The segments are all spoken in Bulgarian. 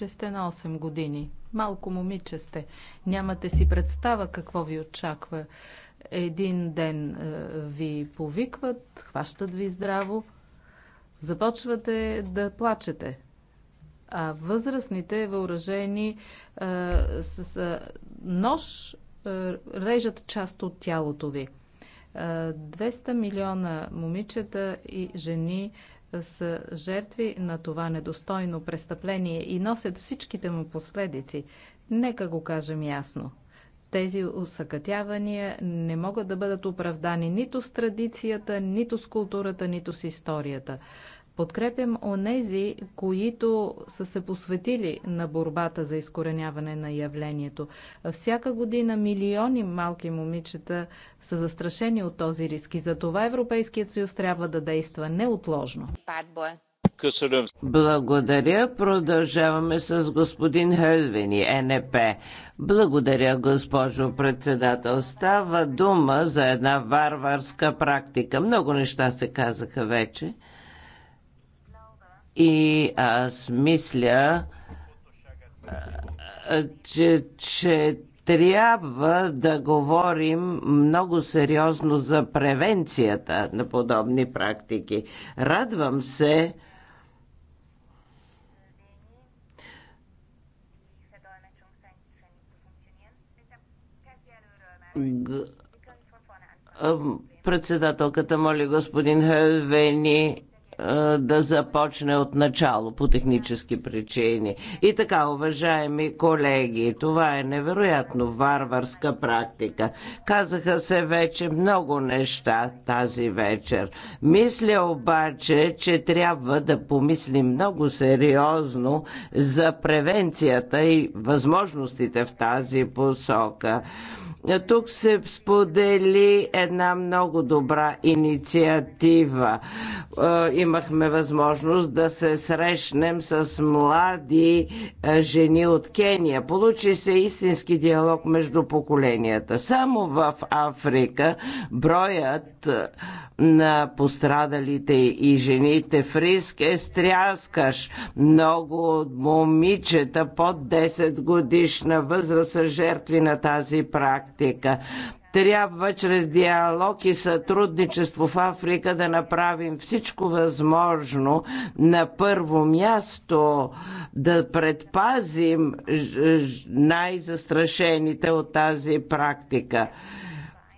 момиче сте на 8 години. Малко момиче сте. Нямате си представа какво ви очаква. Един ден е, ви повикват, хващат ви здраво, започвате да плачете. А възрастните, въоръжени а, е, с а, е, нож, а, режат част от тялото ви. 200 милиона момичета и жени са жертви на това недостойно престъпление и носят всичките му последици. Нека го кажем ясно. Тези усъкътявания не могат да бъдат оправдани нито с традицията, нито с културата, нито с историята. Подкрепям онези, които са се посветили на борбата за изкореняване на явлението. Всяка година милиони малки момичета са застрашени от този риск и за това Европейският съюз трябва да действа неотложно. Благодаря. Продължаваме с господин Хелвини, НП. Благодаря, госпожо председател. Става дума за една варварска практика. Много неща се казаха вече. И аз мисля, че, че трябва да говорим много сериозно за превенцията на подобни практики. Радвам се, Председателката моли господин Хелвени е, да започне от начало по технически причини. И така, уважаеми колеги, това е невероятно варварска практика. Казаха се вече много неща тази вечер. Мисля обаче, че трябва да помислим много сериозно за превенцията и възможностите в тази посока. Тук се сподели една много добра инициатива. Е, имахме възможност да се срещнем с млади е, жени от Кения. Получи се истински диалог между поколенията. Само в Африка броят е, на пострадалите и жените в риск е стряскаш. Много от момичета под 10 годишна възраст са жертви на тази практика практика. Трябва чрез диалог и сътрудничество в Африка да направим всичко възможно. На първо място да предпазим най-застрашените от тази практика.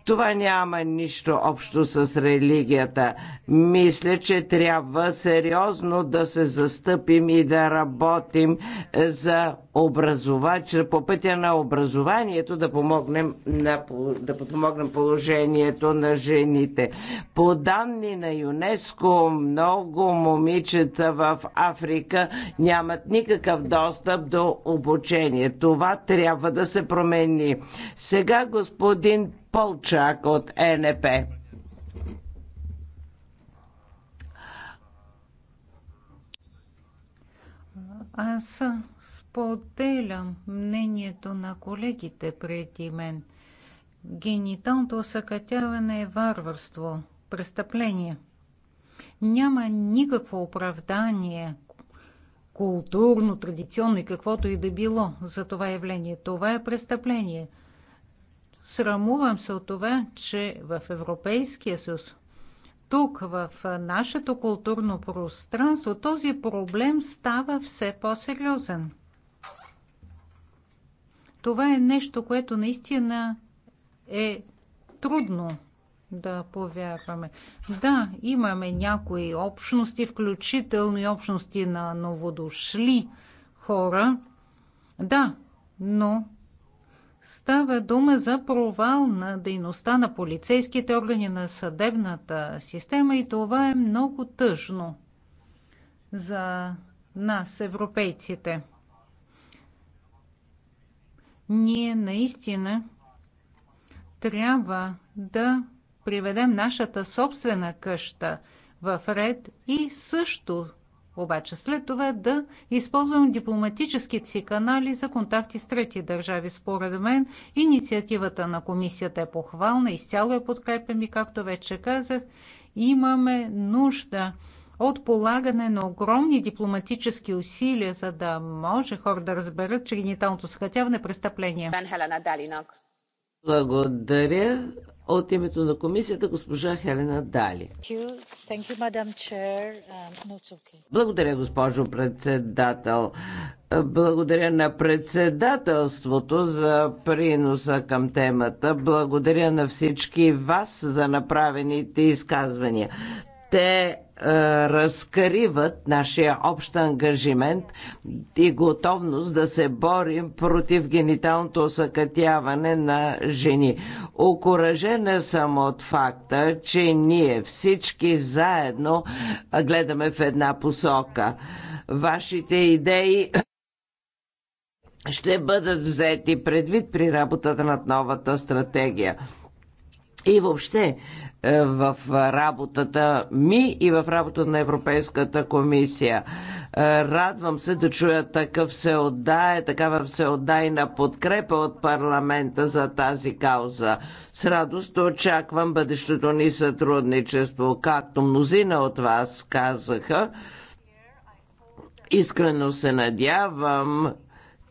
Това няма нищо общо с религията. Мисля, че трябва сериозно да се застъпим и да работим за образование, по пътя на образованието да помогнем, на, да подпомогнем положението на жените. По данни на ЮНЕСКо, много момичета в Африка нямат никакъв достъп до обучение. Това трябва да се промени. Сега господин Полчак от е НП. Аз споделям мнението на колегите преди мен. Гениталното съкатяване е варварство, престъпление. Няма никакво оправдание, културно, традиционно и каквото и да било за това явление. Това е престъпление – Срамувам се от това, че в Европейския съюз, тук, в нашето културно пространство, този проблем става все по-сериозен. Това е нещо, което наистина е трудно да повярваме. Да, имаме някои общности, включително и общности на новодошли хора. Да, но Става дума за провал на дейността на полицейските органи на съдебната система и това е много тъжно за нас, европейците. Ние наистина трябва да приведем нашата собствена къща в ред и също обаче след това да използвам дипломатическите си канали за контакти с трети държави. Според мен инициативата на комисията е похвална, изцяло е подкрепям и както вече казах, имаме нужда от полагане на огромни дипломатически усилия, за да може хора да разберат, че гениталното схватяване е престъпление. Благодаря. От името на комисията госпожа Хелена Дали. Um, Благодаря, госпожо председател. Благодаря на председателството за приноса към темата. Благодаря на всички вас за направените изказвания. Те разкриват нашия общ ангажимент и готовност да се борим против гениталното осъкътяване на жени. Окоръжена съм от факта, че ние всички заедно гледаме в една посока. Вашите идеи ще бъдат взети предвид при работата над новата стратегия. И въобще, е, в работата ми и в работата на Европейската комисия. Е, радвам се да чуя такъв всеотдае, такава всеотдайна подкрепа от парламента за тази кауза. С радост очаквам бъдещето ни сътрудничество, както мнозина от вас казаха. Искрено се надявам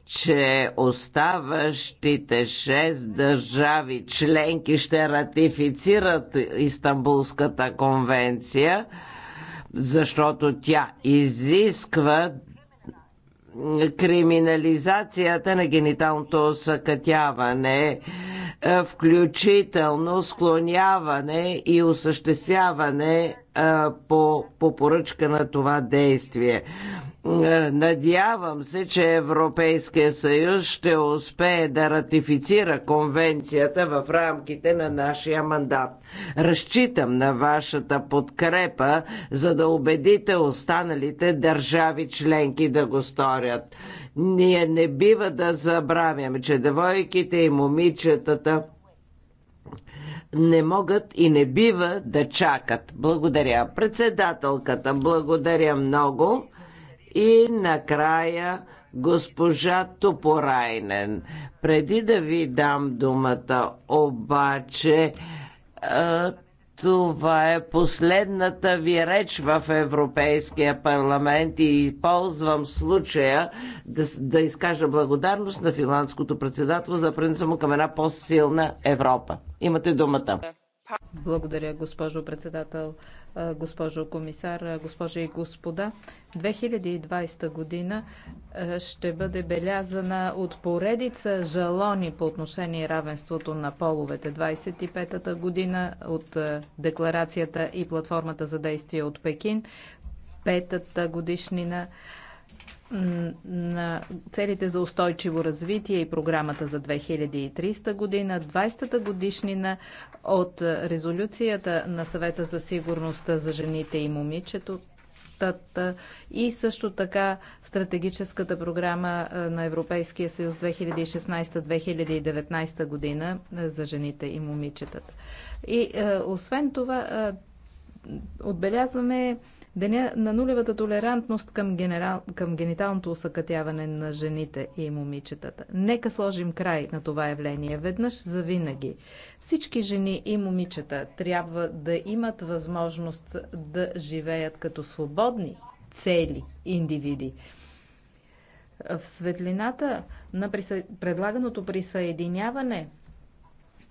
че оставащите шест държави членки ще ратифицират Истанбулската конвенция, защото тя изисква криминализацията на гениталното осъкътяване, е, включително склоняване и осъществяване е, по, по поръчка на това действие. Надявам се, че Европейския съюз ще успее да ратифицира конвенцията в рамките на нашия мандат. Разчитам на вашата подкрепа, за да убедите останалите държави членки да го сторят. Ние не бива да забравяме, че девойките и момичетата не могат и не бива да чакат. Благодаря. Председателката, благодаря много. И накрая госпожа Топорайнен. Преди да ви дам думата, обаче, е, това е последната ви реч в Европейския парламент и ползвам случая да, да изкажа благодарност на финландското председателство за принца му към една по-силна Европа. Имате думата. Благодаря, госпожо председател, госпожо комисар, госпожи и господа. 2020 година ще бъде белязана от поредица жалони по отношение равенството на половете. 25-та година от декларацията и платформата за действие от Пекин, петата годишнина на целите за устойчиво развитие и програмата за 2300 година, 20-та годишнина от е, резолюцията на съвета за сигурността за жените и момичето и също така стратегическата програма е, на Европейския съюз 2016-2019 година е, за жените и момичетата. И освен това отбелязваме Деня на нулевата толерантност към, генерал, към гениталното усъкътяване на жените и момичетата. Нека сложим край на това явление веднъж за винаги. Всички жени и момичета трябва да имат възможност да живеят като свободни, цели индивиди. В светлината на предлаганото присъединяване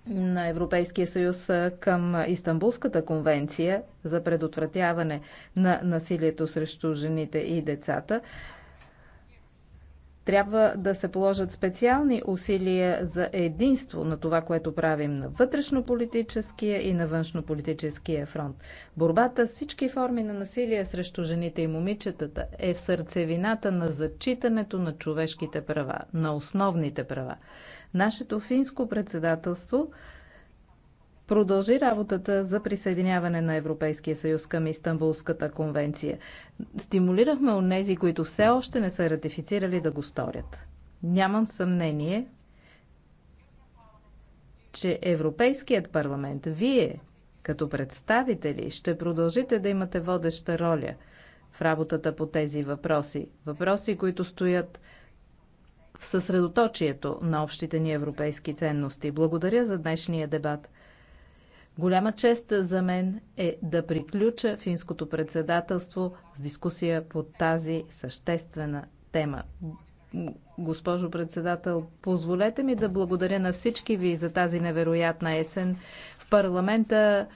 на Европейския съюз към Истанбулската конвенция за предотвратяване на насилието срещу жените и децата, трябва да се положат специални усилия за единство на това, което правим на вътрешнополитическия и на външнополитическия фронт. Борбата с всички форми на насилие срещу жените и момичетата е в сърцевината на зачитането на човешките права, на основните права. Нашето финско председателство продължи работата за присъединяване на Европейския съюз към Истанбулската конвенция. Стимулирахме онези, които все още не са ратифицирали да го сторят. Нямам съмнение, че Европейският парламент, вие като представители, ще продължите да имате водеща роля в работата по тези въпроси. Въпроси, които стоят в съсредоточието на общите ни европейски ценности. Благодаря за днешния дебат. Голяма чест за мен е да приключа финското председателство с дискусия по тази съществена тема. Госпожо председател, позволете ми да благодаря на всички ви за тази невероятна есен. В парламента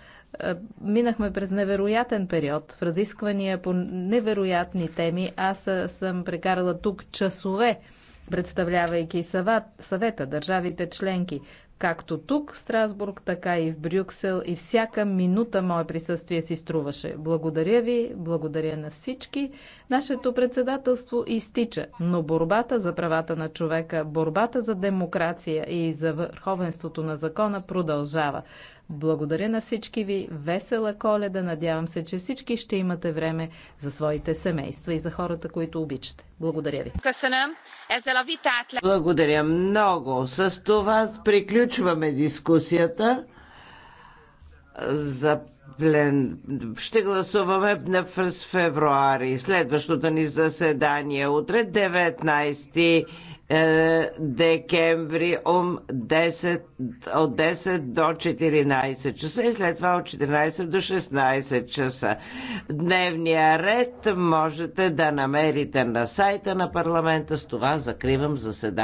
е, минахме през невероятен период в разисквания по невероятни теми. Аз е, съм прекарала тук часове представлявайки съвета, държавите членки както тук, в Страсбург, така и в Брюксел. И всяка минута мое присъствие си струваше. Благодаря ви, благодаря на всички. Нашето председателство изтича, но борбата за правата на човека, борбата за демокрация и за върховенството на закона продължава. Благодаря на всички ви. Весела коледа. Надявам се, че всички ще имате време за своите семейства и за хората, които обичате. Благодаря ви. Благодаря много. С това приключваме. Приключваме дискусията за плен. Ще гласуваме през февруари. Следващото ни заседание утре 19 е, декември от 10, от 10 до 14 часа и след това от 14 до 16 часа. Дневния ред можете да намерите на сайта на парламента. С това закривам заседанието.